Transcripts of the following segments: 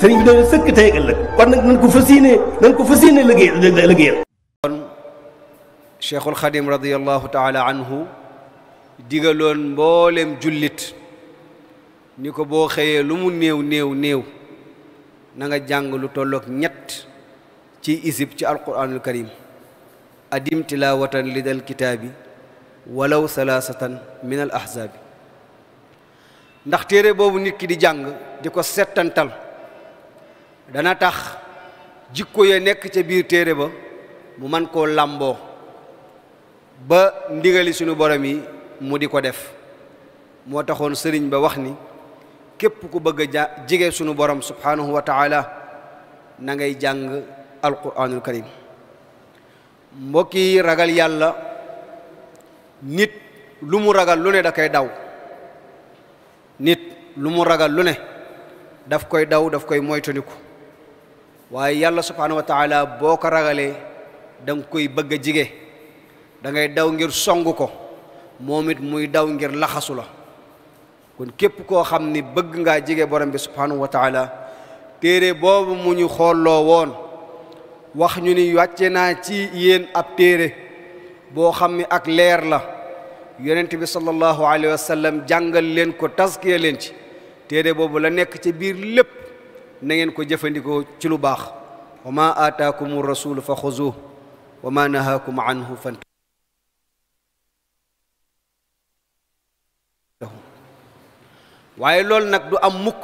sëriñ bi dana sëkk tey ëllëg kon nag taala anhu digaloon mbooleem jullit ni ko boo xëyee lu mu néew néew néew na nga jàng lu tolloog ñett ci isib ci alquranul karim adim tilawatan li dal kitaabi walaw salaasatan min al ahzaabi ndax téere boobu nit ki di jàng di ko settantal dana tax jikko ya nekk ca biir téere ba mu man koo làmboo ba ndigali sunu borom yi mu di ko def moo taxoon sëriñ ba wax ni képp ku bëgg a jige sunu borom subhanahu wa taala na ngay jàng alquranul karim mbokk yi ragal yàlla nit lu mu ragal lu ne da koy daw nit lu mu ragal lu ne daf koy daw daf koy moytandiku waaye yàlla subhaanahu boo ko ragalee da koy bëgg a jige da daw ngir song ko moom it muy daw ngir laxasu la kon képp koo xam ni bëgg ngaa jige borom bi subhaanahu wa taala téere boobu mu ñu xoolloo woon wax ñu ni wàcce naa ci yéen ab téere boo xam ni ak leer la yonent bi sallallahu alayhi wa sallam jàngal leen ko taskiya leen ci téere boobu la nekk ci biir lépp nangeen ko jëfandikoo ci lu baax wa ma aataakum rasul fa xuzuh wa ma nahaakum waaye loolu nag du am mukk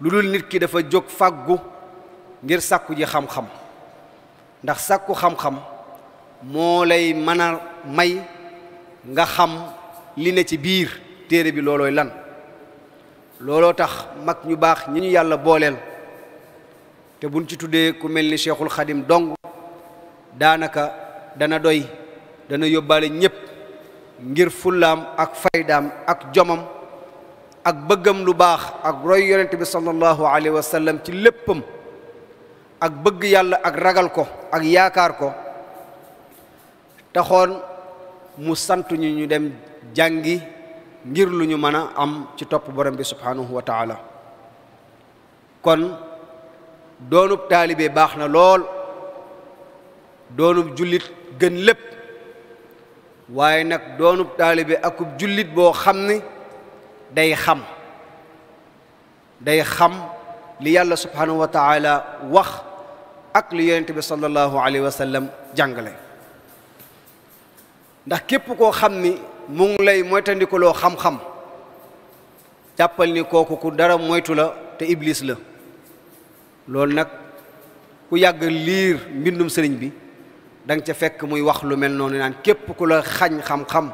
lu dul nit ki dafa jóg fàggu ngir sàkku ji xam-xam ndax sàkku xam-xam moo lay mën a may nga xam li ne ci biir téere bi loolooy lan looloo tax mag ñu baax ñi ñu yàlla booleel te buñ ci tuddee ku mel ni cheikhul xadim dong daanaka dana doy dana yóbbaale ñépp ngir fullaam ak faydaam ak jomam ak bëggam lu baax ak roy yonent bi sallallahu alayhi wa ci léppam ak bëgg yàlla ak ragal ko ak yaakaar ko taxoon mu sant ñu ñu dem jàngi ngir lu ñu mën a am ci topp borom bi subhanahu wa taala kon doonub taalibe baax na lool doonub jullit gën lépp waaye nag doonub taalibe akub jullit boo xam ne day xam day xam li yàlla subhanahu wa taala wax ak li yonent bi sallallahu alayhi wa sallam jàngale ndax képp koo xam ni mu ngi lay moytandikuloo xam-xam jàppal ni kooku ku dara moytu la te iblis la loolu nag ku yàgg liir mbindum sëriñ bi danga ca fekk muy wax lu mel noonu naan képp ku la xañ xam-xam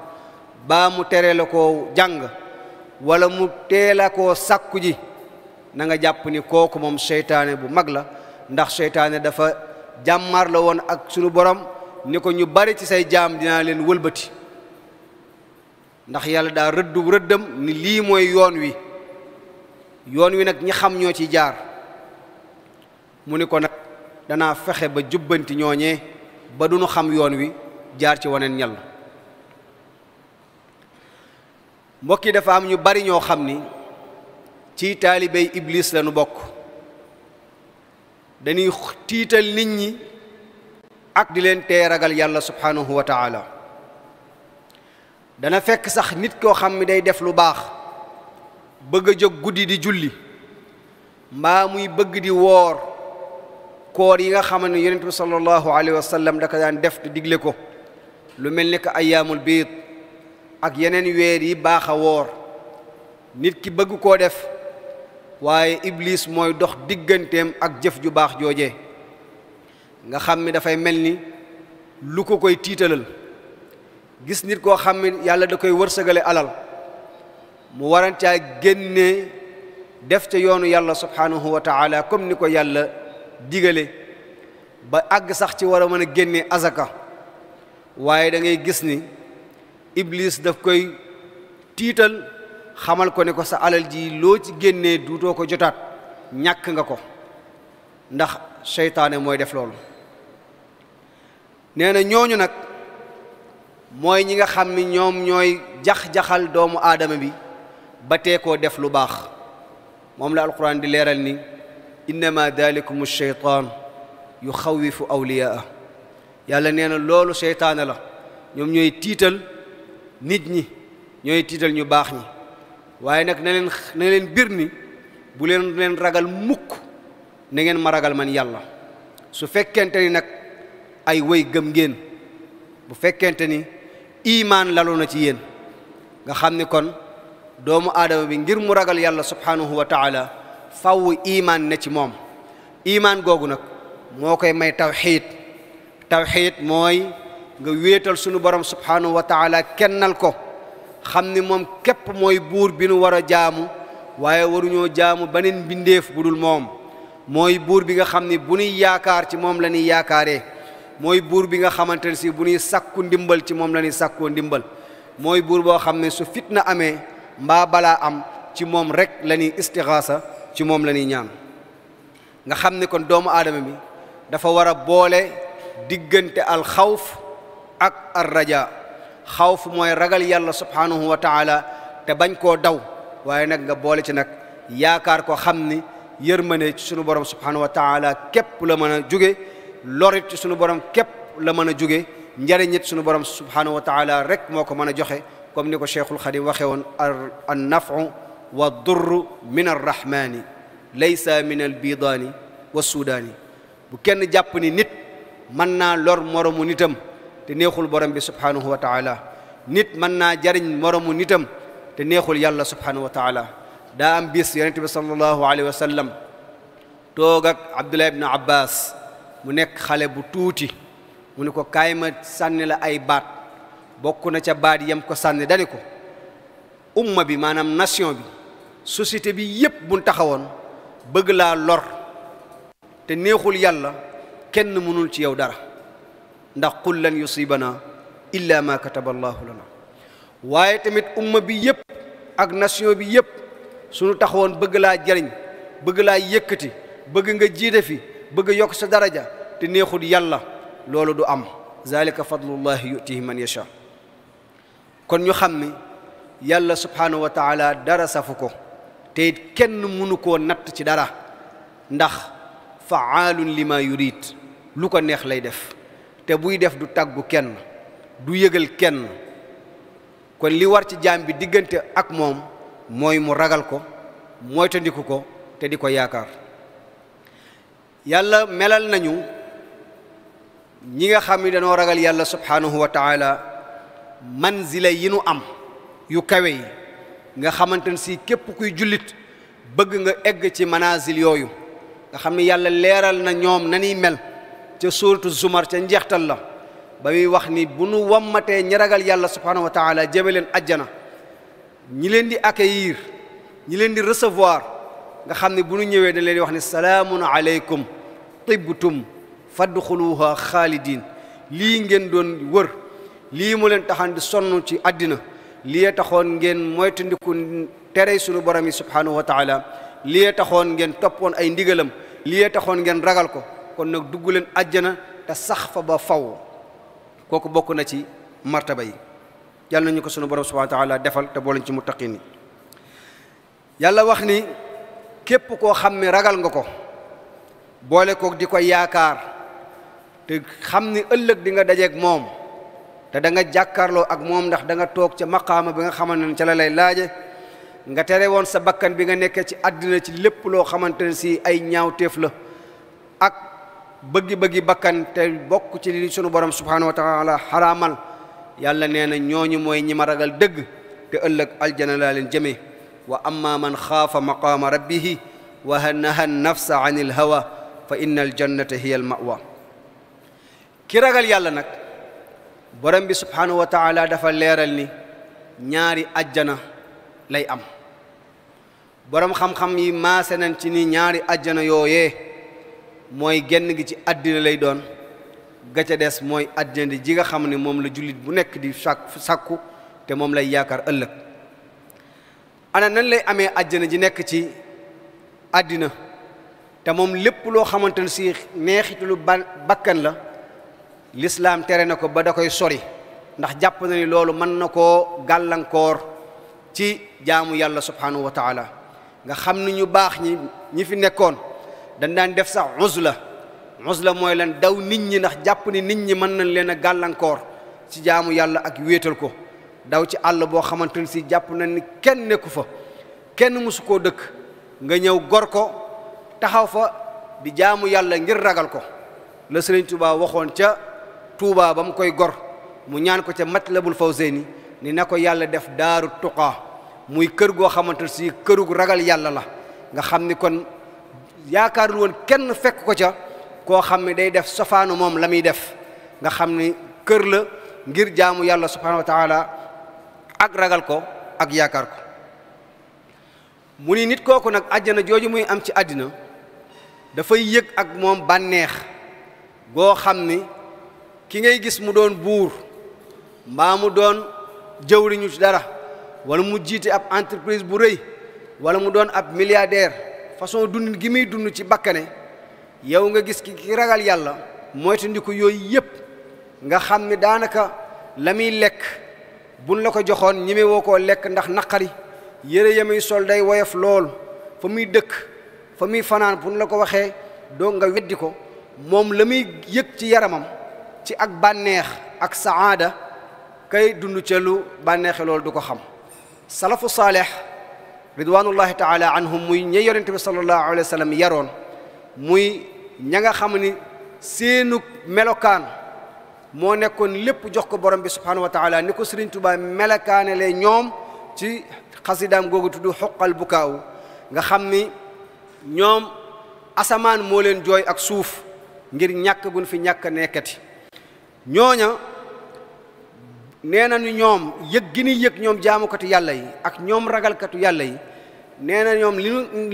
baa mu tere la koo jàng wala mu teel a sàkku ji nanga jàpp ni kooku moom seytaane bu mag la ndax seytaane dafa jàmmaar la woon ak sunu borom ni ko ñu bari ci say jaam dinaa leen wëlbati ndax yàlla daa rëddu rëddam ni lii mooy yoon wi yoon wi nag ñi xam ñoo ci jaar mu ni ko nag danaa fexe ba jubbanti ñooñee ba duñu xam yoon wi jaar ci waneen ñal mbokk yi dafa am ñu bari ñoo xam ni ci taalibey iblis lañu bokk dañuy tiital nit ñi ak di leen tee ragal yàlla subhanahu wa taala dana fekk sax nit koo xam ni day def lu baax bëgg a jóg guddi di julli mbaa muy bëgg di woor koor yi nga xam ne yonent bi sallallahu alayhi wa sallam da daan def di digle ko lu mel ni que ayyaamul biid ak yeneen weer yi baaxa woor nit ki bëgg koo def waaye iblis mooy dox digganteem ak jëf ju baax jooje nga xam ni dafay mel ni lu ko koy tiitalal gis nit koo xam ne yàlla da koy wërsëgale alal mu warantaa génnee def ca yoonu yàlla subhanahu wa taala comme ni ko yàlla digale ba àgg sax ci war a mën a génnee azaka waaye dangay gis ni iblis daf koy tiital xamal ko ne ko sa alal ji loo ci génnee duutoo ko jotaat ñàkk nga ko ndax seytaane mooy def loolu nee na ñooñu nag mooy ñi nga xam ni ñoom ñooy jax-jaxal doomu aadama bi ba tee koo def lu baax moom la alquran di leeral ni innama dalikum alcheytaan yuxawifu awliyaa yàlla nee na loolu seytaane la ñoom ñooy tiital nit ñi ñooy tiital ñu baax ñi waaye nag na leen na leen bir ni bu leen leen ragal mukk na ngeen ma ragal man yàlla su fekkente ni nag ay wëy gëm ngeen bu fekkente ni imaan lalu na ci yéen nga xam ni kon doomu aadama bi ngir mu ragal yàlla subhanahu wa taala faw imaan ne ci moom imaan googu nag moo koy may tawxiid tawxiid mooy nga wéetal sunu borom subhanahu wa taala kennal ko xam ni moom képp mooy buur bi nu war a jaamu waaye waruñoo jaamu beneen mbindeef bu dul moom mooy buur bi nga xam ni bu nuy yaakaar ci moom la ñuy yaakaaree mooy buur bi nga xamante ne si bu ñuy sàkku ndimbal ci moom la ñuy sàkkoo ndimbal mooy buur boo xam ne su fitna amee mbaa balaa am ci moom rek la ñuy istixaasa ci moom la ñuy ñaan nga xam ne kon doomu aadama bi dafa war a boole diggante al alxawf ak arraja xawf mooy ragal yàlla subhaanahu wa taala te bañ koo daw waaye nag nga boole ci nag yaakaar ko xam ni yërmande ci sunu borom subhaanahu wa taala képp la mën a jóge lorit ci sunu borom képp la mën a jóge njariñit sunu borom subhanahu wa taala rek moo ko mën a joxe comme ni ko cheikhul xadim waxee woon an nafu wa durru min arrahmani laysa min albidaani wa suudaani bu kenn jàpp ni nit mën naa lor moromu nitam te neexul borom bi subhanahu wa taala nit mën naa jariñ moromu nitam te neexul yàlla subhanahu wa taala daa am bis yonente bi sallallahu alayhi wa sallam toog ak abdullah ibn mu nekk xale bu tuuti mu ne ko kaay ma sànni la ay baat bokk na ca baat yam ko sànni dani ko umma bi maanaam nation bi société bi yépp buñ taxawoon bëgg laa lor te neexul yàlla kenn mënul ci yow dara ndax kul lan yusibana illa ma kataba lana waaye tamit umma bi yépp ak nation bi yépp suñu taxawoon bëgg laa jariñ bëgg laa yëkkati bëgg nga jiite fi bëgg a yokk sa daraja te neexul yàlla loolu du am zalika fadlullahi yutihi man yasha kon ñu xam ni yàlla subhanahu wa taala dara safu ko te kenn mënu koo natt ci dara ndax faalun lima yurid lu ko neex lay def te buy def du tàggu kenn du yëgal kenn kon li war ci jaam bi diggante ak moom mooy mu ragal ko moytandiku ko te di ko yaakaar yàlla melal nañu ñi nga xam ni dañoo ragal yàlla subhaanahu wa taala manzila yi nu am yu kawe yi nga xamante ne si képp kuy jullit bëgg nga egg ci manasil yooyu nga xam ni yàlla leeral na ñoom nanuy mel ca suuratu zumar ca njeextal la ba muy wax ni bu nu wammatee ñi ragal yàlla subhaanahu wa taala jëme leen ajjana ñi leen di accueillir ñi leen di recevoir nga xam ne bu nu ñëwee da leen wax ne salaamun aleykum tibtum fadxuluha xaalidin lii ngeen doon wër lii mu leen taxan di sonn ci àddina lii taxoon ngeen moytandiku tere sunu borom yi subhaanahu wa taala lii taxoon ngeen toppoon ay ndigalam lii taxoon ngeen ragal ko kon nag dugg leen àjjana te sax fa ba faw kooku bokk na ci martaba yi yàlla nañu ko sunu borom subhaanahu wa defal te booleen ci muttaqin yi yàlla wax ni képp koo xam ne ragal nga ko boole kook di ko yaakaar te xam ni ëllëg di nga dajeeg moom te danga nga jàkkaarloo ak moom ndax danga toog ca maqaama bi nga xamante ne ca la lay laaje nga tere woon sa bakkan bi nga nekkee ci àddina ci lépp loo xamante ne si ay ñaaw teef la ak bëggi-bëggi bakkan te bokk ci li sunu borom subhanahu wa xaraamal yàlla nee na ñooñu mooy ñi ma ragal dëgg te ëllëg aljana laa leen jëmee wa amma man xaafa maqaama rabbihi wa naha nafsa an il hawa fa inna al jannata hiya al mawa ki ragal yàlla nag borom bi subhaanahu wa taala dafa leeral ni ñaari ajjana lay am borom xam-xam yi maase nañ ci ni ñaari ajjana yooye mooy genn gi ci àddina lay doon ga ca des mooy àddina di ji nga xam ne moom la jullit bu nekk di sàkku te moom lay yaakaar ëllëg ana nan lay amee àjjana ji nekk ci àddina te moom lépp loo xamante ne si neexitalu ba bakkan la lislaam tere na ko ba da koy sori ndax jàpp na ni loolu mën na koo gàllankoor ci jaamu yàlla subhanahu wa nga xam ni ñu baax ñi ñi fi nekkoon dañ daan def sax uzla la mooy lan daw nit ñi ndax jàpp ni nit ñi mën nañ leen a gàllankoor ci jaamu yàlla ak wéetal ko daw ci àll boo xamante ni si jàpp na ni kenn nekku fa kenn mësu koo dëkk nga ñëw gor ko taxaw fa di jaamu yàlla ngir ragal ko la Sëriñ Tuubaa waxoon ca Tuubaa ba mu koy gor mu ñaan ko ca Matlabul Fawzayni ni na ko yàlla def daaru tuqaa muy kër goo xamante ne si kërug ragal yàlla la nga xam ni kon yaakaarul woon kenn fekk ko ca koo xam ne day def sofaanu moom la muy def nga xam ni kër la ngir jaamu yàlla subhaanahu wa ak ragal ko ak yaakaar ko mu ni nit kooku nag àjjana jooju muy am ci àddina dafay yëg ak moom bànneex goo xam ni ki ngay gis mu doon buur mbaa mu doon jëwriñu ci dara wala mu jiite ab entreprise bu rëy wala mu doon ab milliardaire façon dund gi muy dund ci bakkane yow nga gis ki ki ragal yàlla moytandiku yooyu yépp nga xam ni daanaka la muy lekk buñ la ko joxoon ñeme woo koo lekk ndax naqari yére ya muy sol day woyof lool fa muy dëkk fa muy fanaan buñ la ko waxee doo nga weddi ko moom la muy yëg ci yaramam ci ak bànneex ak saada kay dund ca lu bànneexe loolu du ko xam salafu saalex ridwanullahi taala anhum muy ñe yonente bi salallahu alayhi wa sallam yaroon muy ña nga xam ni seenu melokaan moo nekkoon lépp jox ko borom bi subhanahu wa taala ni ko Serigne Touba melakaanele ñoom ci xasidaam googu tudd xoqal bukaaw nga xam ni ñoom asamaan moo leen jooy ak suuf ngir ñàkk gun fi ñàkk nekkati ñooña nee nañu ñoom yëg gi ni yëg ñoom jaamukatu yàlla yi ak ñoom ragalkatu yàlla yi nee na ñoom li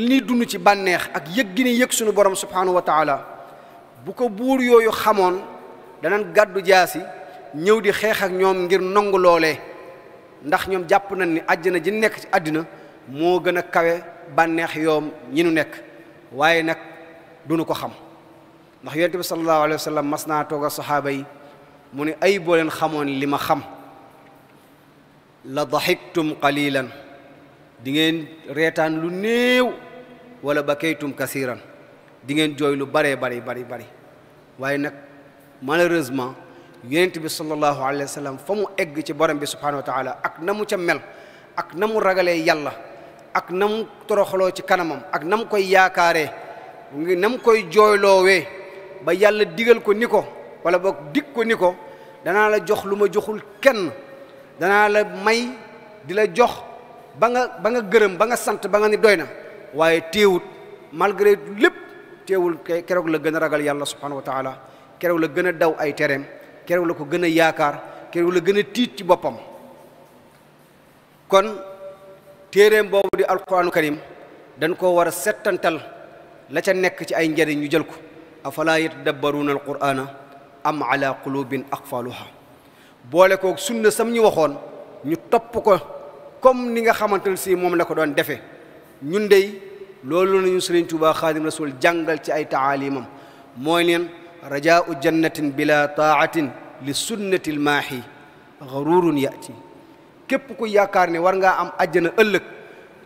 ñuy dund ci bànneex ak yëg gi ni yëg sunu borom subhanahu wa bu ko buur yooyu xamoon danañ gàddu jaasi ñëw di xeex ak ñoom ngir nongu loolee ndax ñoom jàpp nañ ni àjjana ji nekk ci àddina moo gën a kawe bànneex yoom ñi nu nekk waaye nag duñu ko xam ndax yonent bi sallallahu alayhi wa sallam mas naa toog a saxaaba yi mu ne ay boo leen xamoon li ma xam la daxiktum qalilan dingeen ngeen reetaan lu néew walla ba kasiran di ngeen jooy lu baree bari bari waaye nag malheureusement yonent bi sallallahu alayhi wa fa mu egg ci borom bi subhanahu wa taala ak na mu ca mel ak na mu ragalee yàlla ak na mu toroxaloo ci kanamam ak na mu koy yaakaare ngi na mu koy jooyloowee ba yàlla digal ko ni ko wala boog dig ko ni ko danaa la jox lu ma joxul kenn danaa la may di la jox ba nga ba nga gërëm ba nga sant ba nga ni doy na waaye téewut malgré lépp téewul keroog la gën a ragal yàlla subhanahu wa taala keroog la gën a daw ay tereem keroog la ko gën a yaakaar keroog la gën a tiit ci boppam kon téeréem boobu di alquranu karim dañ koo war a settantal la ca nekk ci ay njariñ ñu jël ko afala yatadabbaruuna alqurana am ala ak aqfaluha boole koo sunna sam ñu waxoon ñu topp ko comme ni nga xamante ne si moom la ko doon defee ñun dey loolu nañu Sëriñ Tuubaa Xaadim Rasuul jàngal ci ay taalimam mooy leen rajaau jannatin bila taatin li sunnati lmaahi garurun yati képp ku yaakaar ni war ngaa am àjjana ëllëg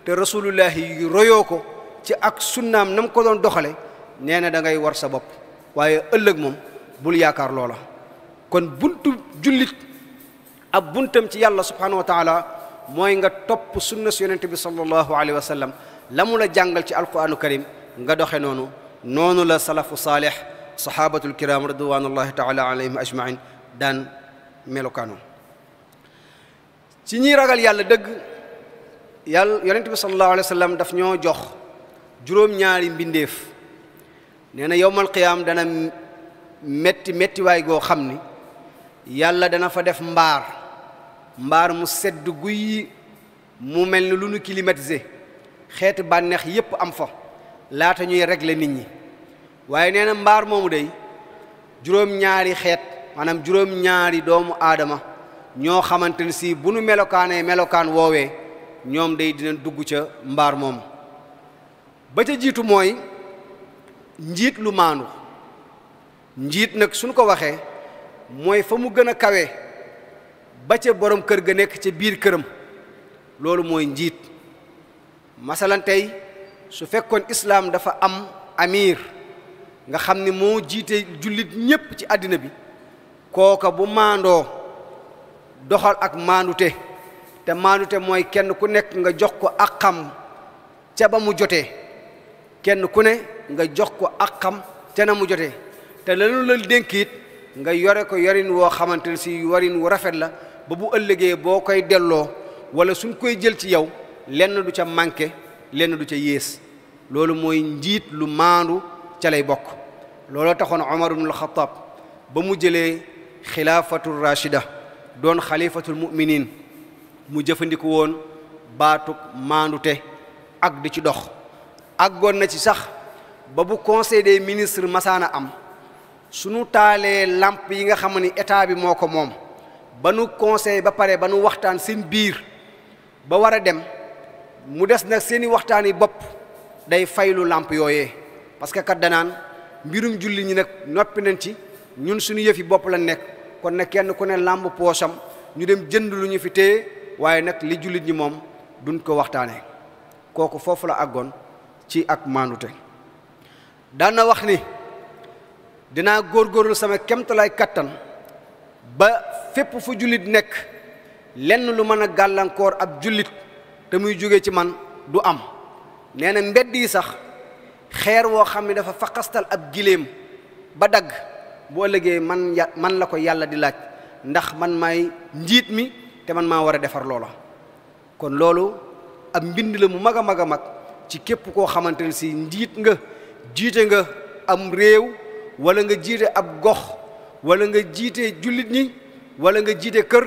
te rasulullahi yu royoo ko ci ak sunnaam nam ko doon doxale nee na da ngay war sa bopp waaye ëllëg moom bul yaakaar loola kon buntu jullit ab buntam ci yàlla subhanahu wa taala mooy nga topp sunna su yonente bi sallallahu la mu la jàngal ci alquranu karim nga doxe noonu noonu la salafu saalih sahabatul kiram ridwanullahi taala alayhim ajmain daan melokaano ci ñiy ragal yàlla dëgg yàlla yonent bi sax alayhi wa ñoo jox juróom-ñaari mbindeef nee na yowmal qiyaam dana metti mettiwaay goo xam ni yàlla dana fa def mbaar mbaar mu sedd guyi mu mel ni lu nu climatisé xeeti bànneex yépp am fa laata ñuy régler nit ñi waaye nee na mbaar moomu day juróom-ñaari xeet maanaam juróom-ñaari doomu aadama ñoo xamante ne si bu nu melokaanee melokaan woowee ñoom day dinañ dugg ca mbaar moomu ba ca jiitu mooy njiit lu maandu njiit nag suñu ko waxee mooy fa mu gën a kawe ba ca boroom kër ga nekk ca biir këram loolu mooy njiit masalan tey su fekkoon islaam dafa am amiir nga xam ne moo jiite jullit ñépp ci àddina bi kooka bu maandoo doxal ak maandute te maandute mooy kenn ku nekk nga jox ko àqam ca ba kenn ku ne nga jox ko àqam ca na mu jotee te lanu la dénk nga yore ko yorin woo xamante ne si yorin wu rafet la ba bu ëllëgee boo koy delloo wala suñ koy jël ci yow lenn du ca manqué lenn du ca yées loolu mooy njiit lu maandu ca lay bokk looloo taxoon Omar ibnul Xataab ba mu jëlee xilaafatul rachida doon xalifatul muminin mu jëfandiku woon baatuk maandute ak di ci dox ak àggoon na ci sax ba bu conseil des ministres masaana am sunu taalee làmp yi nga xam ni état bi moo ko moom ba nu conseil ba pare ba nu waxtaan seen biir ba war a dem mu des nag seeni waxtaan yi bopp day faylu làmp yooyee parce que kat danaan mbirum julli ñi nag noppi nañ ci ñun suñu yëf yëfi bopp la nekk kon nag kenn ku ne làmb poosam ñu dem jënd lu ñu fi téye waaye nag li jullit ñi moom duñ ko waxtaane kooku foofu la ak àggoon ci ak maandute daan wax ni dinaa góor góorul sama kemtalaay kattan ba fépp fu jullit nekk lenn lu mën a gàllankoor ab jullit te muy jóge ci man du am nee mbedd yi sax xeer woo xam ne dafa faqastal ab giléem ba dagg boo ëllëgee man ya man la ko yàlla di laaj ndax man may njiit mi te man maa war a defar loola kon loolu ab mbind la mu mag a mag a mag ci képp koo xamante ne si njiit nga jiite nga am réew wala nga jiite ab gox wala nga jiite jullit ñi wala nga jiite kër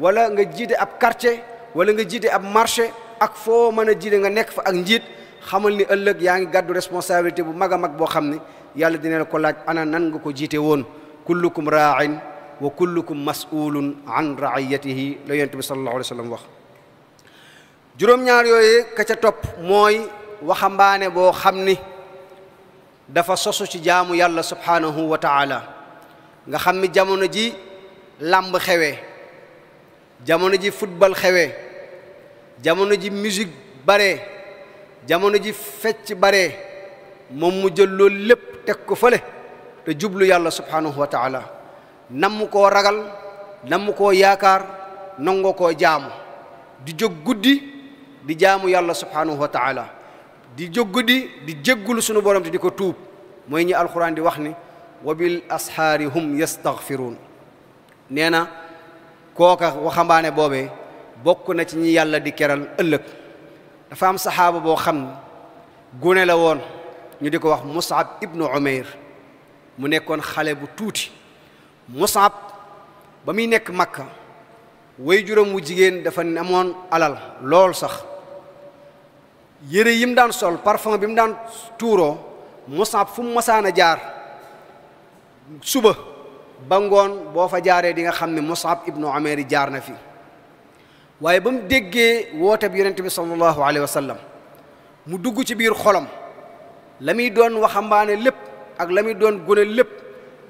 wala nga jiite ab quartier wala nga jiite ab marché ak foo mën a jiite nga nekk fa ak njiit xamal ni ëllëg yaa ngi gàddu responsabilité bu mag a mag boo xam ne yàlla dina la ko laaj ana nan nga ko jiite woon kullukum raain wa kullukum masulun an raiyatihi la yonent bi sallallahu wax juróom-ñaar yooyu ka topp mooy waxambaane boo xam ni dafa sosu ci jaamu yàlla subhanahu wa taala nga xam ni jamono ji làmb xewee jamono ji football xewee jamono ji musique bare jamono ji fecc bare moom mu jël loolu lépp teg ko fële te jublu yàlla subhanahu wa taala ko ragal namm ko yaakaar nango ko jaamu di jóg guddi di jaamu yàlla subhanahu wa di jóg guddi di jéggulu sunu borom te di ko tuub mooy ñi alquran di wax ni wa bil asxaari hum yastaghfiruun nee na kooka waxambaane boobe bokk na ci ñi yàlla di keral ëllëg dafa am saxaaba boo xam ne gune la woon ñu di ko wax Mus'ab ibnu Umayr mu nekkoon xale bu tuuti Mus'ab ba muy nekk Makka way juróom wu jigéen dafa amoon alal lool sax yére yi mu daan sol parfum bi mu daan tuuroo Mus'ab fu mu mosaan a jaar suba ba ngoon boo fa jaaree di nga xam ne Mus'ab ibnu Umayr jaar na fi waaye ba mu déggee woote bi yonent bi sallallahu alayhi wa sallam mu dugg ci biir xolam la muy doon waxambaane lépp ak la muy doon gune lépp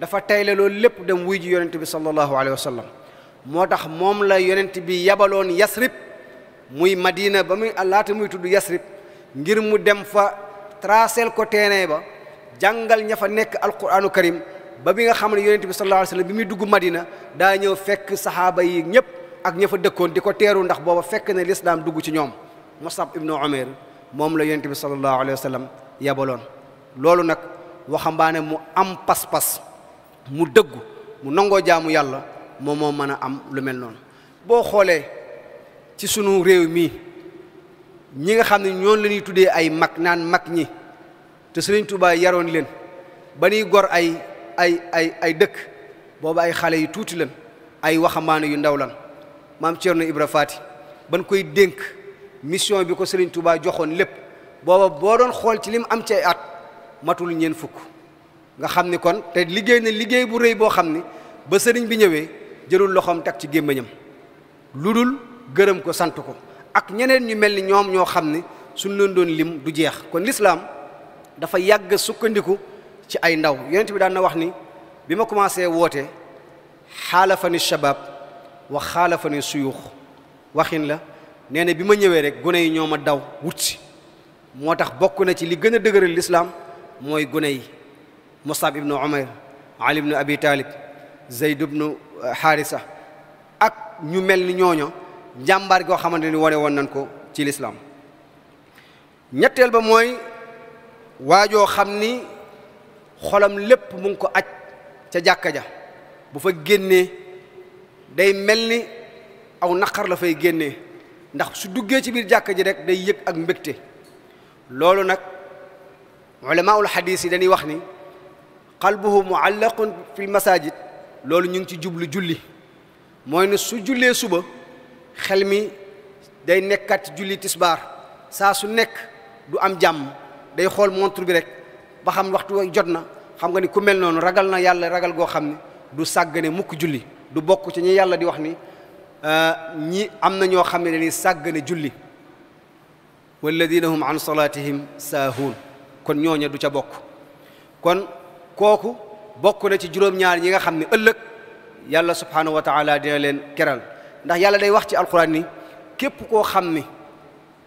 dafa tayle loolu lépp dem wuy ji yonent bi sallallahu alayhi wa sallam moo tax moom la yonent bi yabaloon yas yasrib muy madina ba muy laata muy tudd yasrib ngir mu dem fa tracel ko teenee ba jàngal ña fa nekk alquranu karim ba bi nga xam ne yonent bi sallallahu alayhi wa sallam bi muy dugg madina daa ñëw fekk saxaaba yi ñëpp ak ña fa dëkkoon di ko teeru ndax booba fekk ne lislaam dugg ci ñoom Musab ibnu Umayr moom la yonent bi sallallahu alayhi wa sallam yabaloon loolu nag waxambaane mu am pas-pas mu dëggu mu nangoo jaamu yàlla moom moo mën a am lu mel noonu boo xoolee ci sunu réew mii ñi nga xam ne ñoom la ñuy tuddee ay mag naan mag ñi te Sëriñ Tuubaa yaroon leen ba ñuy gor ay ay ay ay dëkk boobu ay xale yu tuuti leen ay waxambaane yu ndaw lan maam Thierno Ibra Faati ban koy dénk mission bi ko Serigne Touba joxoon lépp booba boo doon xool ci lim am ci at matul ñeen fukk nga xam ni kon te liggéey na liggéey bu rëy boo xam ni ba sëriñ bi ñëwee jëlul loxoom teg ci gémmiñam lu dul gërëm ko sant ko ak ñeneen ñu mel ni ñoom ñoo xam ni suñ leen doon lim du jeex kon lislaam dafa yàgg sukkandiku ci ay ndaw yonent bi daan na wax ni bi ma commencé woote xaalafani shabab wax xaalafa ne suyuux waxin la nee bi ma ñëwee rek gune yi ñoo ma daw wut si moo tax bokk na ci li gën a dëgëral lislaam mooy gune yi Musab ibnu Umayr Ali ibnu Abi Talib Zayd ibnu Haarisa ak ñu mel ni ñooño njàmbaar goo xamante ni wane woon nañ ko ci lislaam ñetteel ba mooy waajoo xam ni xolam lépp mu ngi ko aj ca jàkka ja bu fa génnee day mel ni aw naqar la fay génne ndax su duggee ci biir jàkka ji rek day yëg ak mbégte loolu nag ulamaul xadiis yi dañuy wax ni qalbuhu muallaqun fil masajid loolu ñu ngi ci jublu julli mooy ne su jullee suba xel mi day nekkat julli tisbaar saa su nekk du am jàmm day xool montre bi rek ba xam waxtu jot na xam nga ni ku mel noonu ragal na yàlla ragal goo xam ne du sàggane mukk julli du bokk ci ñi yàlla di wax ni euh, ñi am na ñoo xam ne dañuy sàggane julli walladina hum an salatihim saahuun kon ñooña du ca bokk kon kooku bokk na ci juróom-ñaar ñi nga xam ne ëllëg yàlla subhanahu wa taala dina leen keral ndax yàlla day wax ci alquran ni képp koo xam ni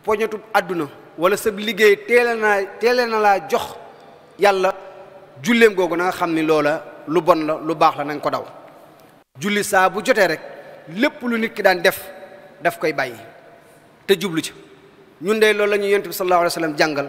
poñatub àdduna wala sab liggéey teele na laa jox yàlla julleem googu na xam ni loola lu bon la lu baax la na ko daw julli saa bu jotee rek lépp lu nit ki daan def daf koy bàyyi te jublu ci ñun de loolu la ñu yonent bi sallallahu jàngal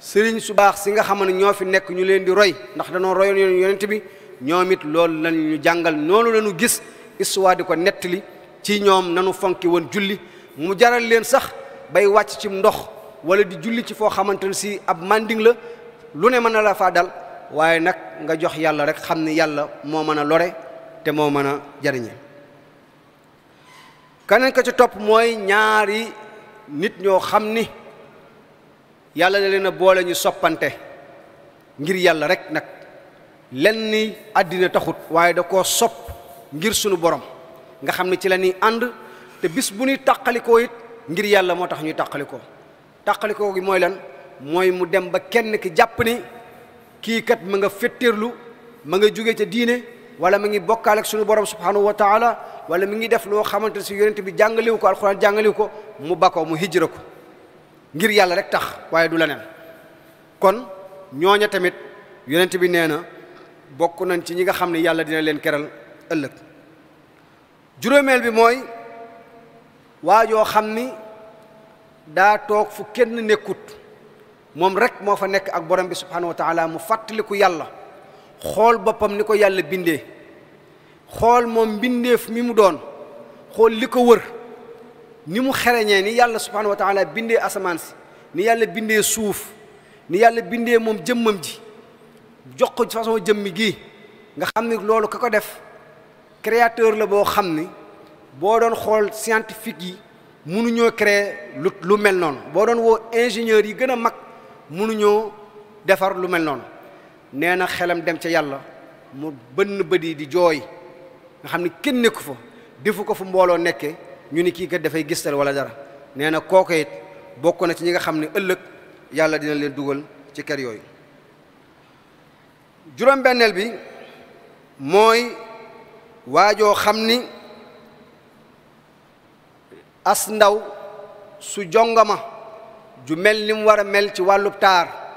sëriñ su baax si nga xam ne ñoo fi nekk ñu leen di roy ndax danoo royoon yonent bi ñoom it loolu lañ jàngal noonu la gis histoire di ko nettali ci ñoom nanu fonki woon julli mu jaral leen sax bay wàcc ci ndox wala di julli ci foo xamante ne si ab manding la lu ne mën na la faa waaye nag nga jox yàlla rek xam ne yàlla moo mën a lore te moo mën a jariñe keneen ka ci topp mooy ñaari nit ñoo xam ni yàlla da leen a boole ñu soppante ngir yàlla rek nag lenn ni àddina taxut waaye da koo sopp ngir sunu borom nga xam ne ci la ñuy ànd te bis bu ñuy tàqalikoo it ngir yàlla moo tax ñuy tàqalikoo tàqalikoo gi mooy lan mooy mu dem ba kenn ki jàpp ni kii kat ma nga féttéerlu ma nga jóge ca diine wala mi ngi bokkaal ak suñu borom subhanahu wa taala wala mi ngi def loo xamante ne si yonent bi jàngaliw ko alxuraan jàngaliw ko mu bakkoo mu hijra ko ngir yàlla rek tax waaye du la nen kon ñooña tamit yonent bi nee na bokk nañ ci ñi nga xam ne yàlla dina leen keral ëllëg juróomeel bi mooy waa joo xam ni daa toog fu kenn nekkut moom rek moo fa nekk ak borom bi subhanahu wa mu fàttaliku yàlla xool boppam ni ko yàlla bindee xool moom mbindee mi mu doon xool li ko wër ni mu xereñee ni yàlla subhaanahu wa bindee asamaan si ni yàlla bindee suuf ni yàlla bindee moom jëmmam ji jox ko façon jëmm gi nga xam ni loolu ka ko def créateur la boo xam ni boo doon xool scientifique yi mënuñoo créer lu lu mel noonu boo doon woo ingénieur yi gën a mag mënuñoo defar lu mel noonu nee na xelam dem ca yàlla mu bënn bët yi di jooy nga xam ne kenn nekku fa defu ko fu mbooloo nekkee ñu ni kii kat dafay gistal wala dara nee na kooku bokk na ci ñi nga xam ne ëllëg yàlla dina leen dugal ci kër yooyu juróom-benneel bi mooy waajoo xam ni as ndaw su jongama ju mel ni mu war a mel ci wàllu taar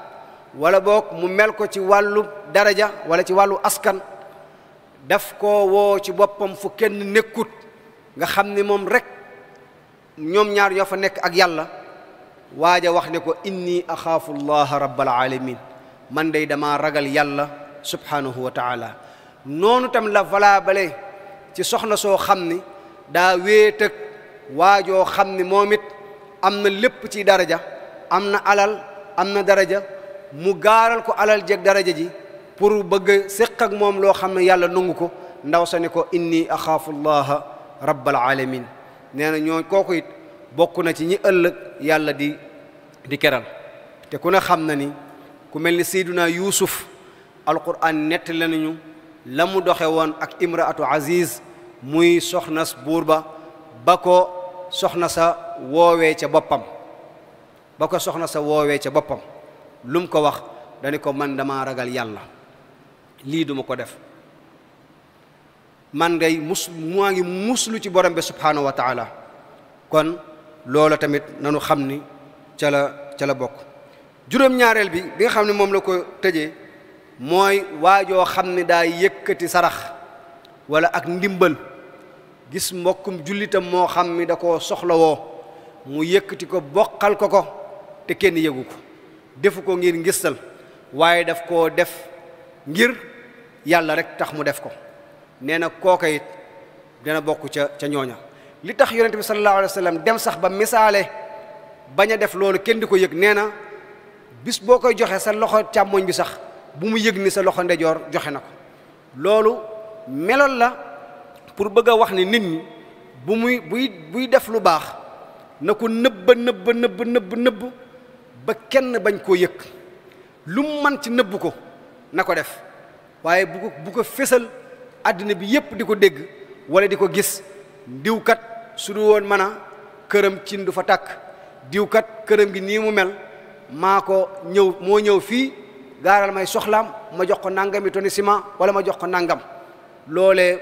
wala boog mu mel ko ci wàllu daraja wala ci wàllu askan def ko woo ci boppam fu kenn nekkut nga xam ni moom rek ñoom ñaar ñoo fa nekk ak yàlla waaja wax ne ko inni axaafu llaha rabbal alamin man day dama ragal yàlla subhanahu wa taala noonu tam la valable ci soxna soo xam ni daa wéet ak waajoo xam ni moom it am na lépp ci daraja am na alal am na daraja mu gaaral ko alal jeg daraja ji pour bëgg séq ak moom loo xam ne yàlla nangu ko ndaw sa ne ko inni axaafu llaha rabbal alamin nee na ñoo kooku it bokku na ci ñi ëllëg yàlla di di keral te ku ne xam na ni ku mel ni sayduna yuusuf alquran nett la nañu la mu doxe woon ak imraatu aziz muy soxnas buur ba ba ko soxna sa woowee ca boppam ba ko soxna sa woowee ca boppam lu mu ko wax dani ko man dama ragal yàlla lii duma ko def man day mus maa ngi muslu ci borom bi subhaanahu wa kon loola tamit nanu xam ni ca la ca la bokk juróom-ñaareel bi bi nga xam ne moom la ko tëjee mooy waajoo xam ne daa yëkkati sarax walla ak ndimbal gis mbokkum jullitam moo xam ni da ko soxlawoo mu yëkkati ko bokkal ko ko te kenn yëgu ko defu ko ngir ngistal waaye daf koo def ngir yàlla rek tax mu def ko nee na kooka it bokk ca ca ñooña li tax yonente bi sallallahu alayhi wa sallam dem sax ba misaale bañ a def loolu kenn di ko yëg nee na bis boo koy joxe sa loxo càmmoñ bi sax bu mu yëg ni sa loxo ndejoor joxe na ko loolu meloon la pour bëgg a wax ni nit ñi bu muy buy buy def lu baax na ko nëbba nëbba nëbb nëbb nëbb ba kenn bañ koo yëg lu mu man ci nëbbu ko na ko def waaye bu ko bu ko fésal àddina bi yépp di ko dégg wala di ko gis diwkat su du woon mën këram cin du fa tàkk diwkat këram gi nii mu mel maa ko ñëw moo ñëw fii gaaral may soxlaam ma jox ko nangami toni ciment wala ma jox ko nangam loole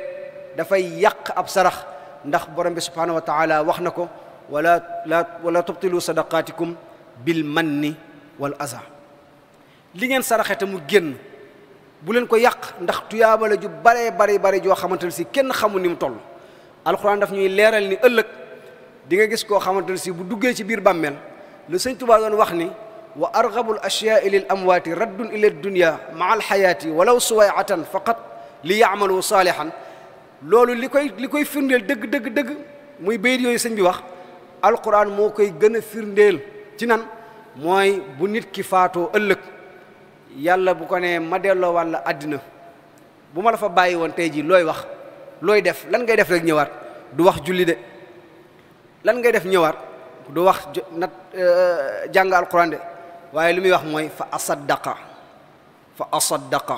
dafay yàq ab sarax ndax borom bi subhanahu wa taala wax na ko wala la wala tubtilu sadaqaatikum bil manni wal aza li ngeen saraxe mu génn bu leen ko yàq ndax tuyaaba la ju baree bari bari joo xamante ne si kenn xamul ni mu toll alxuraan daf ñuy leeral ni ëllëg di nga gis koo xamante ne si bu duggee ci biir bàmmeel lu sëñ Tuubaa doon wax ni wa argabul ashyaai lil amwaati raddun ila dunya maa alxayaati walaw suwayatan faqat li yaamalu saalihan loolu li koy li koy firndeel dëgg dëgg dëgg muy bayit yooyu sëñ bi wax alxuraan moo koy gën a firndeel ci nan mooy bu nit ki faatoo ëllëg yàlla bu ko nee ma delloo wàlla àddina bu ma la fa bàyyi woon tey jii looy wax looy def lan ngay def rek ñëwaat du wax julli lan ngay def ñëwaat du wax nat euh, jàng alquran de waaye li muy wax mooy fa asaddaqa fa asaddaqa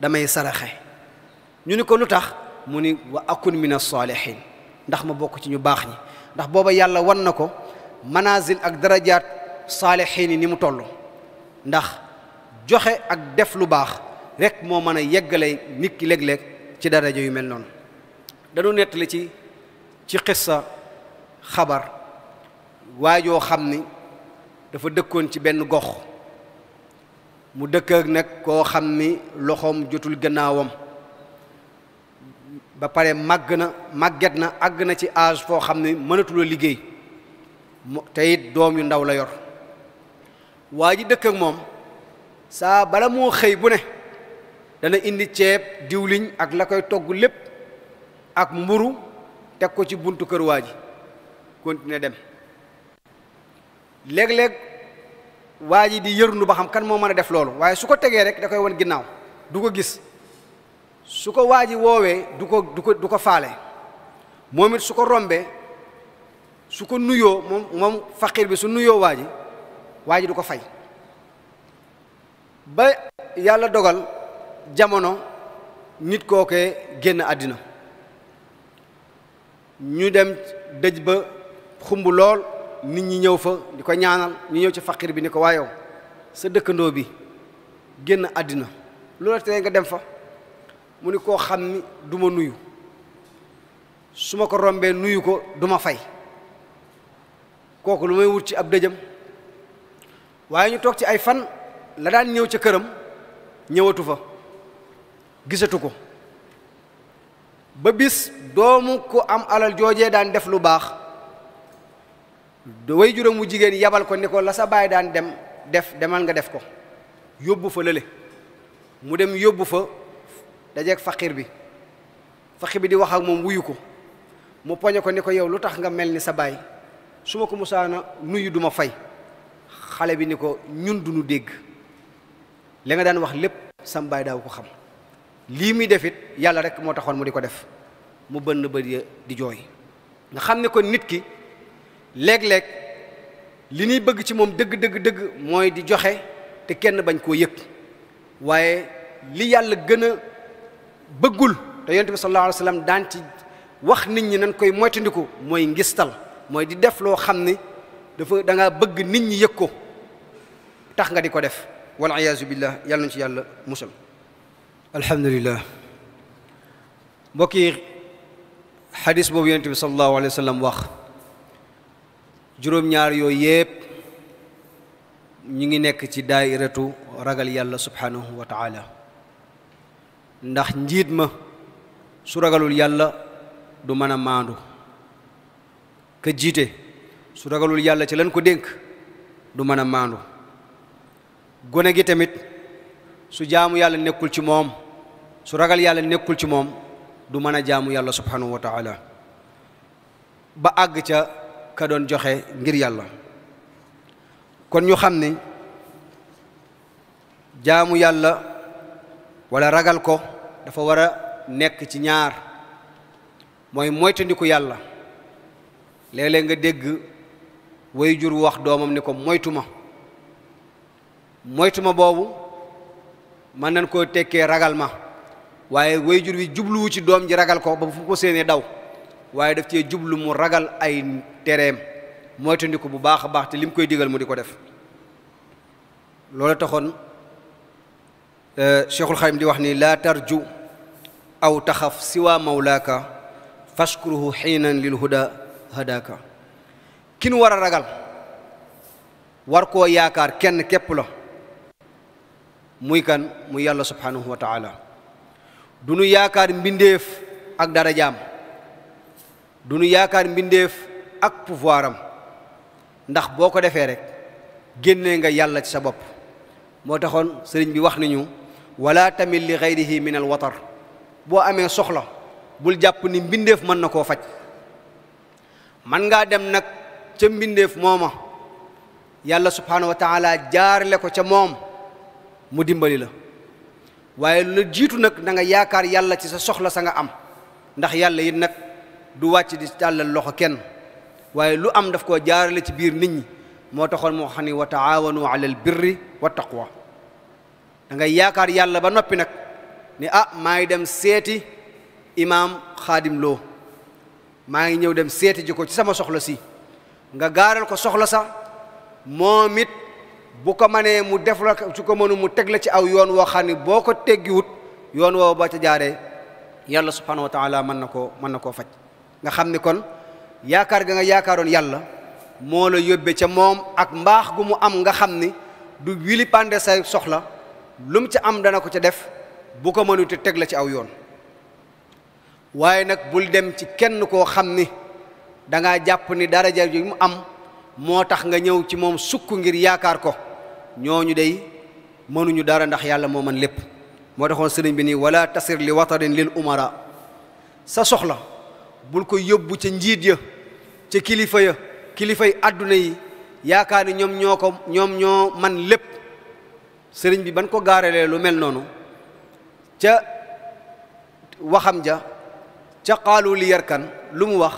damay saraxe ñu ni ko lu tax mu ni wa akun min as-salihin ndax ma bokk ci ñu baax ñi ndax booba yàlla wan na ko manazil ak darajaat saalixiin ni mu toll ndax joxe ak def lu baax rekk moo mën a yeggale nit ki léeg-léeg ci daraja yu mel noonu dañu nettali ci ci xissa xabar waajoo xam ni dafa dëkkoon ci benn gox mu dëkk ak nag koo xam ni loxoom jotul gannaawam ba pare màgg na màgget na àgg na ci âge foo xam ni mënatuloo liggéey te doom yu ndaw la yor waa ji dëkk ak moom saa bala moo xëy bu ne dana indi ceeb diwliñ ak la koy togg lépp ak mburu teg ko ci buntu kër waa ji kon dina dem léeg-léeg waa ji di yër nu ba xam kan moo mën a def loolu waaye su ko tegee rek da koy wan ginnaaw du ko gis su ko waa ji woowee du ko du ko du ko faale moom it su ko rombee su ko nuyoo moom moom faqir bi su nuyoo waaj ji du ko fay ba yàlla dogal jamono nit kookee génn àddina ñu dem dëj ba xumb lool nit ñi ñëw fa ñu ko ñaanal ñu ñëw ci faqiir bi ni ko waayow sa dëkkandoo bi génn àddina loola tee nga dem fa mu ni koo xam ni duma nuyu su ma ko rombee nuyu ko duma ma fay kooku lu may wut ci ab dëjëm waaye ñu toog ci ay fan la daan ñëw ca këram ñëwatu fa gisatu ko ba bis doomu ko am alal joojee daan def lu baax way juróom mu jigéen yabal ko ni ko la sa baay daan dem def demal nga def ko yóbbu fa lële mu dem yóbbu fa dajeeg faqir bi faqir bi di wax ak moom wuyu ko mu poñe ko ni ko yow lu tax nga mel ni sa baay su ma ko musaana nuyu duma fay xale bi ni ko ñun duñu dégg li nga daan wax lépp sam baay ko xam lii muy defit yàlla rek moo taxoon mu di ko def mu bënn bëri di jooy nga xam ne ko nit ki léeg li ñuy bëgg ci moom dëgg dëgg mooy di joxe te kenn bañ koo yëg waaye li yàlla gën a bëggul te yonent bi sallallahu alayhi daan ci wax nit ñi nañ koy moytandiku mooy ngistal mooy di def loo xam ne dafa da bëgg nit ñi yëg ko tax nga di ko def wal iyaazu billah yàlla nañu ci yàlla musal alhamdulilah mbokk yi xadis boobu yonent bi sallallahu alayhi wa wax juróom-ñaar yooyu yépp ñu ngi nekk ci daairatu ragal yàlla subhanahu wa taala ndax njiit ma su ragalul yàlla du mën a maandu ka jiite su ragalul yàlla ci lan ko dénk du mën a maandu gone gi tamit su jaamu yàlla nekkul ci moom su ragal yàlla nekkul ci moom du mën a jaamu yàlla subhanahu wa ba àgg ca ka doon joxe ngir yàlla kon ñu xam ni jaamu yàlla walla ragal ko dafa war a nekk ci ñaar mooy moytandiku yàlla léeg nga dégg way jur wax doomam ni ko moytuma moytuma boobu mën nañ ko tekkee ragal ma waaye way jur wi jubluwu ci doom ji ragal ko ba fu ko séenee daw waaye daf cee jublu mu ragal ay tereem ko bu baax a baax te lim koy digal mu di ko def loolu taxoon euh, cheikhul xadim di wax ni laa tarju aw taxaf siwa mawlaaka fashkuruhu xiinan lil huda hadaaka ki nu war a ragal war koo yaakaar kenn képp la muy kan mu yàlla subhanahu wa taala du nu yaakaar mbindeef ak darajaam du nu yaakaar mbindeef ak pouvoir ndax boo ko defee rek génnee nga yàlla ci sa bopp moo taxoon sëriñ bi wax nañu wala tamit li gayrihi min al watar boo amee soxla bul jàpp ni mbindeef mën na koo faj man ngaa dem nag ca mbindeef mooma yàlla subhaanahu wa taala jaarale ko ca moom mu dimbali la waaye lu jiitu nag da nga yaakaar yàlla ci sa soxla sa nga am ndax yàlla it nag du wàcc di tàllal loxo kenn waaye lu am daf koo jaarale ci biir nit ñi moo taxoon moo xam ne wa taawanu ala al birri wa taqwa da ngay yaakaar yàlla ba noppi nag ni ah maa ngi dem seeti imaam xaadim loo maa ngi ñëw dem seeti ji ko ci sama soxla si nga gaaral ko soxla sax moom it bu ko mënee mu def la su ko mënu mu teg la ci aw yoon woo xam boo ko teggiwut yoon woo ba ca jaaree yàlla subhanahu wa mën na koo mën na koo faj nga xam ni kon yaakaar ga nga yaakaaroon yàlla moo la yóbbe ca moom ak mbaax gu mu am nga xam ni du wili pande say soxla lu mu ca am dana ko ca def bu ko mënut teg la ci aw yoon waaye nag bul dem ci kenn koo xam ni da ngaa jàpp ni daraja ju mu am moo tax nga ñëw ci moom sukk ngir yaakaar ko ñooñu day mënuñu dara ndax yàlla moo man lépp moo taxoon sëriñ bi nii wala tasir li watarin lil umara sa soxla bul ko yóbbu ca njiit ya ca kilifa ya kilifay àdduna yi yaakaar ni ñoom ñoo ko ñoom ñoo man lépp sëriñ bi ban ko gaaralee lu mel noonu ca waxam ja ca qaalu li yarkan lu mu wax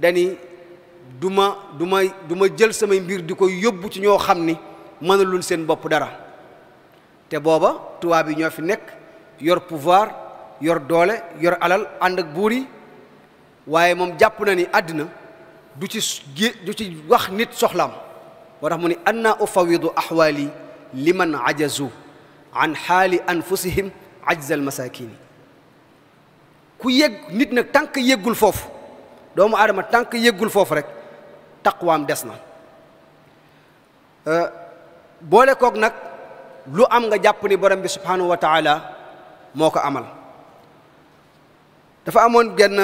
dani du ma du ma du ma jël samay mbir di ko yóbbu ci ñoo xam ni mënalul seen bopp dara te booba tubaab yi ñoo fi nekk yor pouvoir yor doole yor alal ànd ak buur yi waaye moom jàpp na ni àddina du ci du ci wax nit soxlaam moo tax mu ni anna ufawidu ahwaali liman ajazu an xaali anfusihim ajzal masakini ku yég nit nag tànk yégul foofu doomu aadama tànk yégul foofu rek taqwaam des na euh, boole kook nag lu am nga jàpp ni borom bi subhanahu wa moo ko amal dafa amoon genn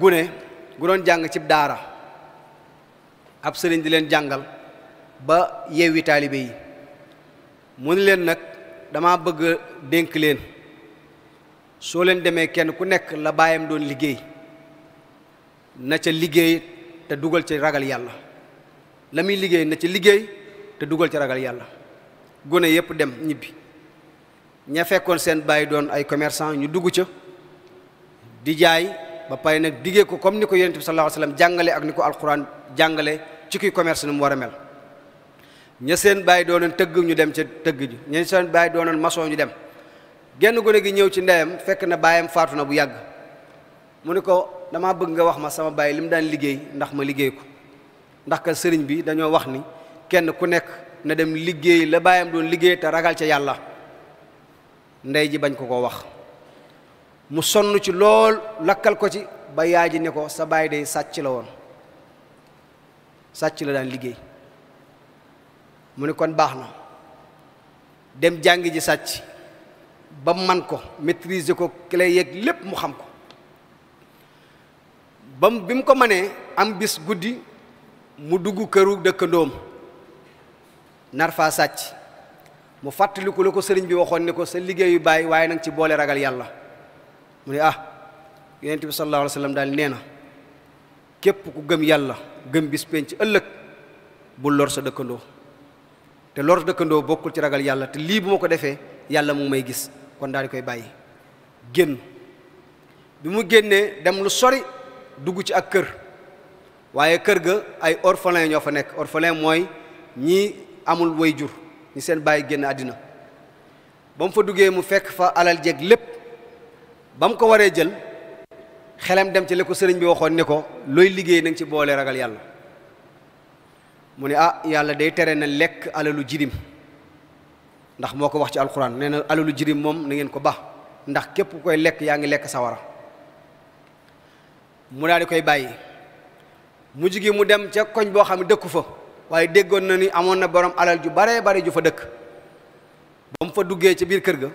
gune gu doon jàng ci daara ab sëriñ di leen jàngal ba yeewi taalibe yi mu ni leen nag dama bëgg dénk leen soo leen demee kenn ku nekk la baayam doon liggéey na ca liggéey te dugal ci ragal yàlla la muy liggéey na ca liggéey te dugal ci ragal yàlla gone yépp dem ñibbi ña fekkoon seen baay doon ay commerçant ñu dugg ca di jaay ba pare nag diggee ko comme ni ko yonent bi sallallahu alayhi wasallam jàngale ak ni ko alquran jàngale ci kuy commerce ni mu war a mel ña seen baay doonoon tëgg ñu dem ca tëgg ji ña seen baay doonoon maçon ñu dem genn gone gi ñëw ci ndeyam fekk na baayam faatu na bu yàgg mu ne ko damaa bëgg nga wax ma sama baay li mu daan liggéey ndax ma liggéey ko ndax ka sëriñ bi dañoo wax ni kenn ku nekk na dem liggéey la baayam doon liggéey te ragal ca yàlla ndey ji bañ ko koo wax mu sonn ci lool lakkal ko ci ba yaay ji ne ko sa baay day sàcc la woon sàcc la daan liggéey mu ne kon baax na dem jàngi ji sàcc ba man ko maîtriser ko clé yeeg lépp mu xam ko ba bi mu ko mënee am bis guddi mu dugg këru dëkkandoom nar faa sàcc mu fàttaliku la ko sëriñ bi waxoon ne ko sa liggéeyu bàyyi waaye nag ci boole ragal yàlla mu ne ah yonent bi sallallahu alayhi wa sallam daal nee na képp ku gëm yàlla gëm bis penc ëllëg bu lor sa dëkkandoo te lor dëkkandoo bokkul ci ragal yàlla te lii bu ma ko defee yàlla mu may gis kon daal di koy bàyyi génn bi mu génnee dem lu sori dugg ci ak kër waaye kër ga ay orphelin ñoo fa nekk orphelin mooy ñi amul way jur ñi seen bàyyi génn àddina ba mu fa duggee mu fekk fa alal jeg lépp ba mu ko waree jël xelam dem ci li ko sëriñ bi waxoon ni ko looy liggéey na ci boole ragal yàlla mu ne ah yàlla day tere na lekk alalu jirim ndax moo ko wax ci alquran nee na alalu jirim moom na ngeen ko bax ndax képp ku koy lekk yaa ngi lekk sawara mu daal di koy bàyyi mu jigéen mu dem ca koñ boo xam ne dëkku fa waaye déggoon na ni amoon na borom alal ju bare bare ju fa dëkk ba mu fa duggee ca biir kër ga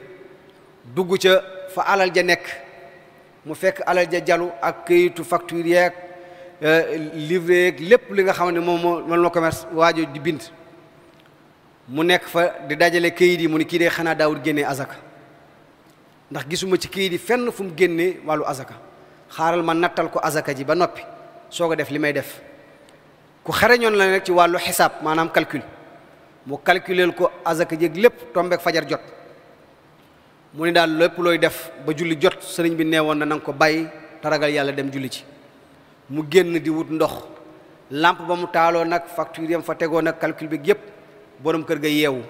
dugg ca fa alal ja nekk mu fekk alal ja jalu ak kayitu facture yeeg euh, livre yeeg lépp li nga xam ne moom moo loolu la commerce waajo di bind mu nekk fa di dajale kayit yi mu ne kii dee xanaa daawul génne azaka ndax gisuma ci këyit yi fenn fu mu génnee wàllu azaka xaaral ma nattal ko azaka ji ba noppi soog a def li may def ku xareñoon la nekk ci wàllu xisaab maanaam calcul mu calculeel ko azaka jéeg lépp tombeek fajar jot mu ni daal lépp looy def ba julli jot sëriñ bi neewoon na nanga ko bàyyi te yàlla dem julli ci mu génn di wut ndox lampe ba mu taaloo nag facture yam fa tegoo nag calcul yëpp borom kër ga yeewu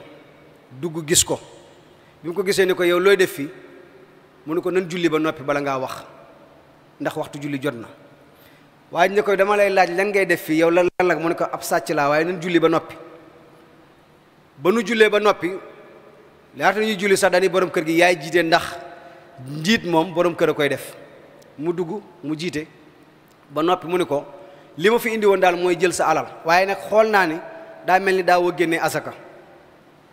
dugg gis ko bi mu ko gisee ni ko yow looy def fii mu ne ko nan julli ba noppi bala ngaa wax ndax waxtu julli jot na waaye ne ko dama lay laaj lan ngay def fii yow lan lan la mu ne ko ab sàcc laa waaye nan julli ba noppi ba nu jullee ba noppi laata ñuy julli sax dañuy borom kër gi yaay jiite ndax njiit moom borom kër a koy def mu dugg mu jiite ba noppi mu ne ko li ma fi indi woon daal mooy jël sa alal waaye nag xool naa ni daa mel ni daawoo génnee asaka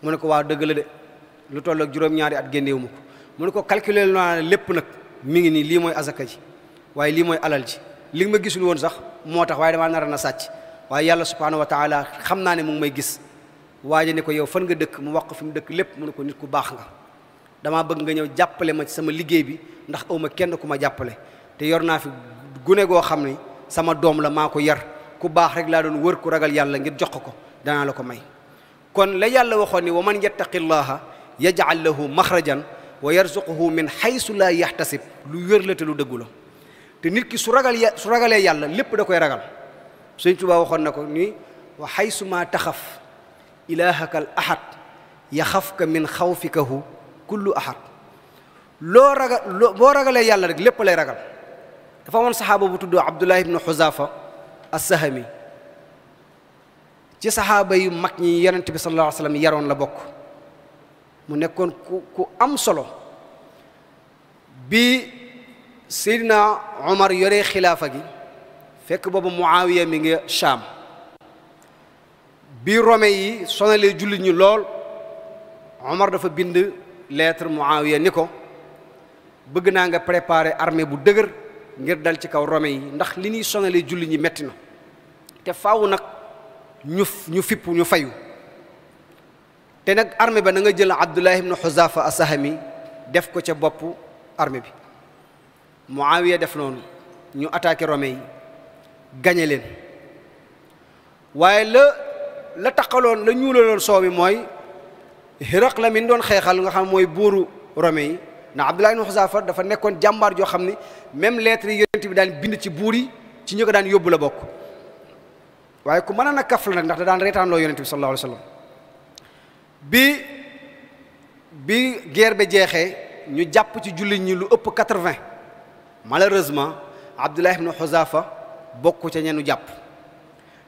mu ne ko waa dëgg la de lu toll ak juróom-ñaari at génneewu ma ko mu ne ko calculer naa lépp nag mu ngi nii lii mooy asaka ji waaye lii mooy alal ji li ma gisul woon sax moo tax waaye damaa nar na sàcc waaye yàlla subhaanahu wa taala xam naa ne mu ngi may gis waaje ne ko yow fan nga dëkk mu wax fi mu dëkk lépp mu ne ko nit ku baax nga damaa bëgg nga ñëw jàppale ma sama liggéey bi ndax awma kenn ku ma jàppale te yor naa fi gune goo xam ne sama doom la maa ko yar ku baax rek laa doon wër ku ragal yàlla ngir jox ko danaa la ko may kon la yàlla waxoon ni wa man yattaqillaha yaj'al lahu maxrajan wa yarzuquhu min haysu laa yaxtasib lu wér la lu dëggu la te ki su ragal ya su ragalee yàlla lépp da koy ragal Sëñ Tuubaa waxoon na ko ni wa haysu maa taxaf ilaahaka al ahad yaxafka min xawfikahu kullu ahad loo ragal boo ragalee yàlla rek lépp lay ragal dafa amoon saxaaba bu tudd Abdullah ibn Xuzaafa as ci saxaaba yu mag ñi yonent bi sallallahu alayhi wa sallam yaroon la bokk mu nekkoon ku ku am solo bi Seydina Omar yore xilaafa gi fekk boobu Muawiya mi ngi Shaam bi Rome yi sonale julli ñi lool Omar dafa bind leetre lettre Muawiya ni ko bëgg naa nga préparer armée bu dëgër ngir dal ci kaw Rome yi ndax li ñuy sonalee jullit ñi metti na te faaw nag ñu ñu fipp ñu fayu te nag armée ba na nga jël Abdullah ibn Xuzafa asahami def ko ca bopp armée bi Muawiya def noonu ñu attaqué Romain yi gañe leen waaye la la taqaloon la ñuulaloon soo mi mooy Hiraq la min doon xeexal nga xam mooy buuru Romain yi ndax Abdullah ibn Xuzafa dafa nekkoon jàmbaar joo xam ne même lettre yi yonent bi daan bind ci buur yi ci ñi ko daan yóbbu la bokk waaye ku mënoon a kaf la nag ndax da daan reetaan loo yonente bi sallallahu alayhi wa bi bi guerre ba jeexee ñu jàpp ci jullit ñi lu ëpp quatre-vingts malheureusement Abdullah ibn Huzafa bokk ca ñenu jàpp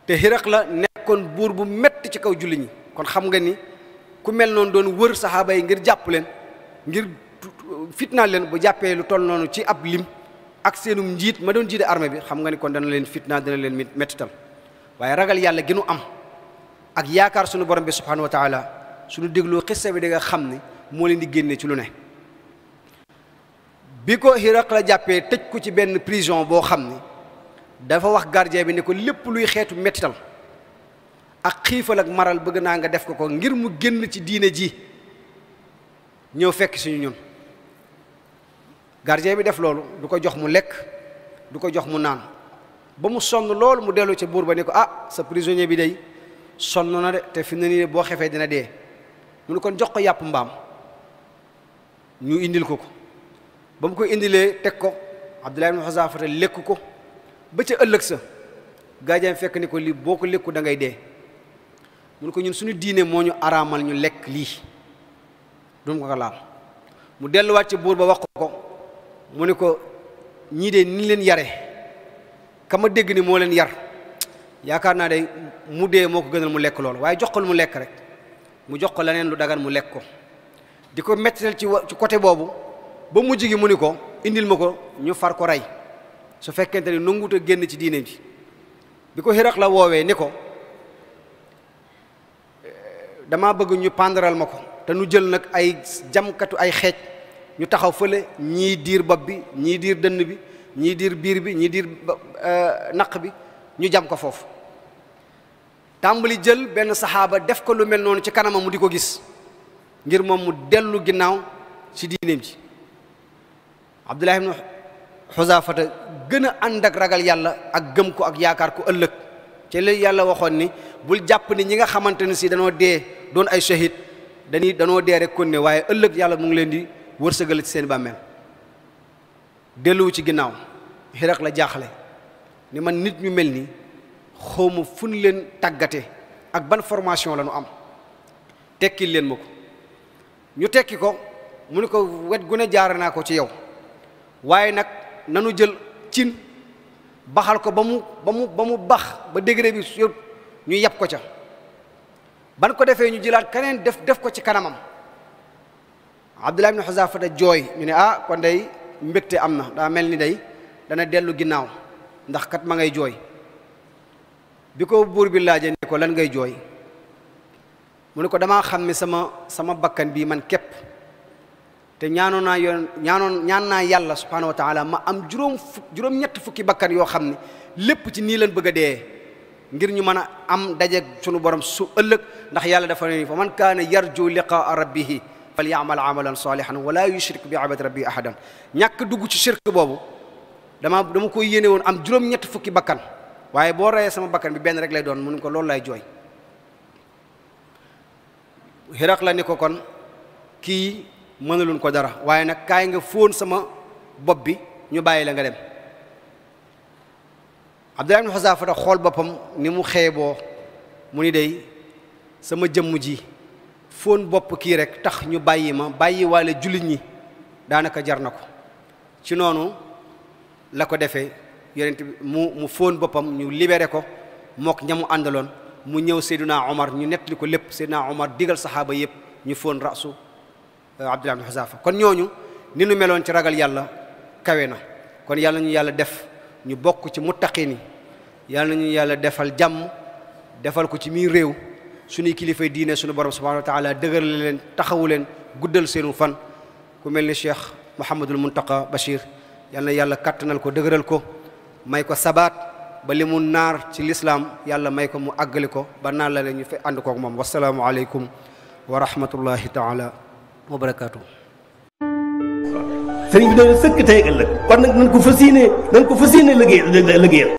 te Hiraq la nekkoon buur bu metti ci kaw jullit ñi kon xam nga ni ku mel noonu doon wër saxaaba yi ngir jàpp leen ngir fitnaal leen bu jàppee lu toll noonu ci ab lim ak seenum njiit ma doon jiite armée bi xam nga ni kon dana leen fitnaal dana leen mettital waaye ragal yàlla gi nu am ak yaakaar sunu borom bi subhanahu wa taala sunu dégloo xissa bi da nga xam ne moo leen di génne ci lu ne bi ko Hiraq la jàppee tëj ko ci benn prison boo xam ne dafa wax gardien bi ne ko lépp luy xeetu mettital ak xiifal ak maral bëgg naa nga def ko ko ngir mu génn ci diine ji ñëw fekk suñu ñun gardien bi def loolu du ko jox mu lekk du ko jox mu naan ba mu sonn loolu mu dellu ca buur ba ne ko ah sa prisonnier bi day sonn na de te fi na nii boo xefee dina dee mu ne kon jox ko yàpp mbaam ñu indil ko ko ba mu koy indilee teg ko Abdullahi ibn lekk ko ba ca ëllëg sa gardien fekk ni ko lii boo ko lekku da ngay dee mu ne ko ñun suñu diine moo ñu araamal ñu lekk lii dum ko ko laal mu delluwaat ci buur ba wax ko ko mu ne ko ñii de ni leen yare ka ma dégg ni moo leen yar yaakaar naa day mu dee moo ko gënal mu lekk loolu waaye jox ko lu mu lekk rek mu jox ko leneen lu dagan mu lekk ko di ko mettinal ci ci côté boobu ba mujj gi mu ni ko indil ma ko ñu far ko rey su fekkente ni nungut a génn ci diine bi bi ko xiraq la woowee ni ko eh, dama bëgg ñu pandaral ma ko te nu jël nag ay jamkatu ay xeej ñu taxaw fële ñii diir bopp bi ñii diir dënn bi ñii diir biir bi ñii diir euh, naq bi ñu jam ko foofu tàmbali jël benn saxaaba def ko lu mel noonu ci kanamam mu di ko gis ngir moom mu dellu ginnaaw ci diineem ji abdullahi ibnu xusafata gën a ànd ak ragal yàlla ak gëm ko ak yaakaar ko ëllëg ci la yàlla waxoon ni bul jàpp ni ñi nga xamante ne si danoo dee doon ay shahid dañuy danoo dee rek kon ne waaye ëllëg yàlla mu ngi leen di wërsëgal ci seen bàmmeel delluwu ci ginnaaw xiraq la jaaxle ni man nit ñu mel ni xawma fu ñu leen tàggate ak ban formation la am tekkil leen ma ko ñu tekki ko mu ne ko wet gu ne naa ko ci yow waaye nag nanu jël cin baxal ko ba mu ba mu bax ba degré bi ñu yàpp ko ca ban ko defee ñu jëlaat keneen def def ko ci kanamam abdullah ibn xuzafata jooy ñu ne ah kon day mbégte am na daa mel ni day dana dellu ginnaaw ndax kat ma ngay jooy bi ko buur bi laajee ko lan ngay jooy mu ne ko damaa xam ne sama sama bakkan bii man képp te ñaanoon naa yoon ñaanoon ñaan naa yàlla subhaanahu wa taala ma am juróom fukk juróom ñett fukki bakkan yoo xam ne lépp ci nii lan bëgg a dee ngir ñu mën a am daje sunu borom su ëllëg ndax yàlla dafa ne ni fa man kaana yarju liqaa rabbihi fal yaamal amalan salihan wala yushrik bi abad rabbi ahadan ñàkk dugg ci shirk boobu dama dama koy yéene woon am juróom-ñett fukki bakkan waaye boo reyee sama bakkan bi benn rek lay doon mun ko loolu lay jooy xiraq la ni ko kon kii mënaluñ ko dara waaye nag kaay nga fóon sama bopp bi ñu bàyyi la nga dem Abdullah ibn Huzafa xool boppam ni mu boo mu ni day sama jëmm ji foon bopp kii rek tax ñu bàyyi ma bàyyi waale jullit ñi daanaka jar na ko ci noonu la ko defe yonent mu mu fóon boppam ñu libere ko mook ñamu àndaloon mu ñëw Seydina Omar ñu nettali ko lépp Seydina Omar digal saxaaba yëpp ñu foon rasu euh, Abdullah ibn kon ñooñu ni nu meloon ci ragal yàlla kawe na kon yàlla ñu yàlla def ñu bokk ci muttaqin yi yàlla ñu yàlla defal jàmm defal ko ci mii réew suñuy kilifay diine suñu borom subhanahu wa taala dëgëral leen taxawu leen guddal seenu fan ku mel ni cheikh mouhamadul muntaka bachir yal na yàlla kattanal ko dëgëral ko may ko sabaat ba li mu naar ci lislaam yàlla may ko mu àggali ko ba naan la leen ñu fe ànd kook moom wasalaamu aleykum wa rahmatullahi taala wa barakaatu sëriñ bi dana sëkk tey ëllëg kon nag nañ